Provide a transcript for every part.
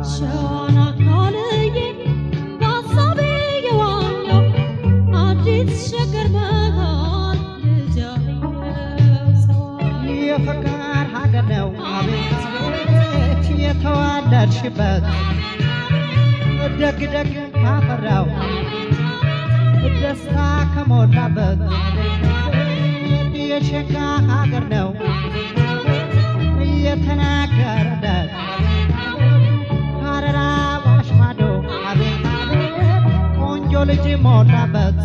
show. ሳልሽበት ደግ ደግ ካፈራው ደስታ ከሞላበት የሸጋ ሀገር ነው እየተናገረበት ሀረራ ባሽማዶ አቤት ቆንጆ ልጅ ሞላበት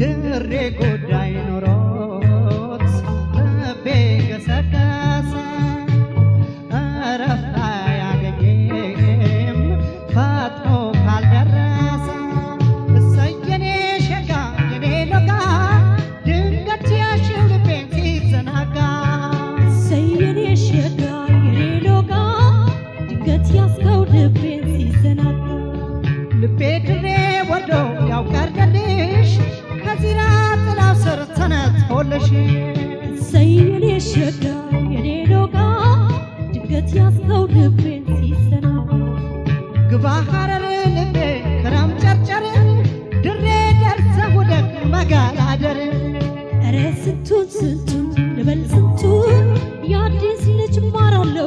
ድሬ ጎዳይ ኖሮ ስንቱን ልበል ስንቱን የአዲስ ልጅ ማራለሁ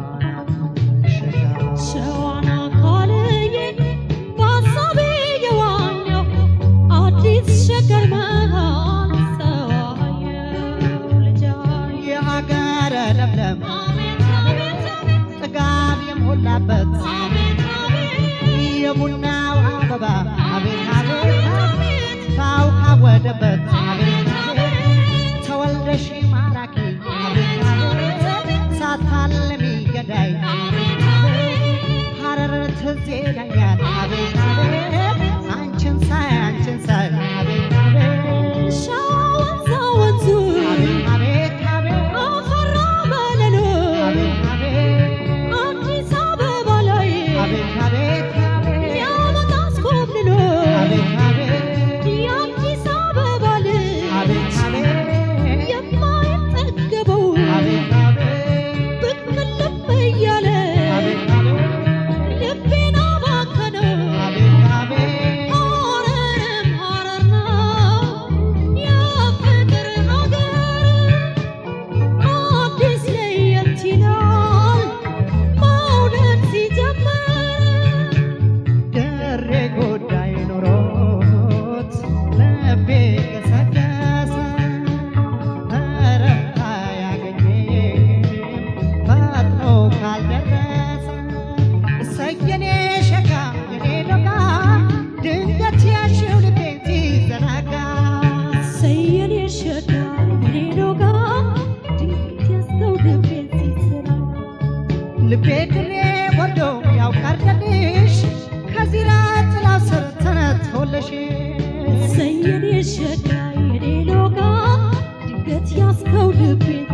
የሞላበት የቡናው አበባ አቤት አቤት ሳውቃ ወደበት ተወልደሽ ማራኪ ሳታለሚ ገዳይ ሀረር ትዝ ሄዶ ጋር ልቤ ድሬ ወዶ ያውቃል ቀልሽ ከዚራ ጥላ ስር ተነጥፎልሽ ሰየኔ ሸጋ የኔ ድንገት ያስከው ልቤን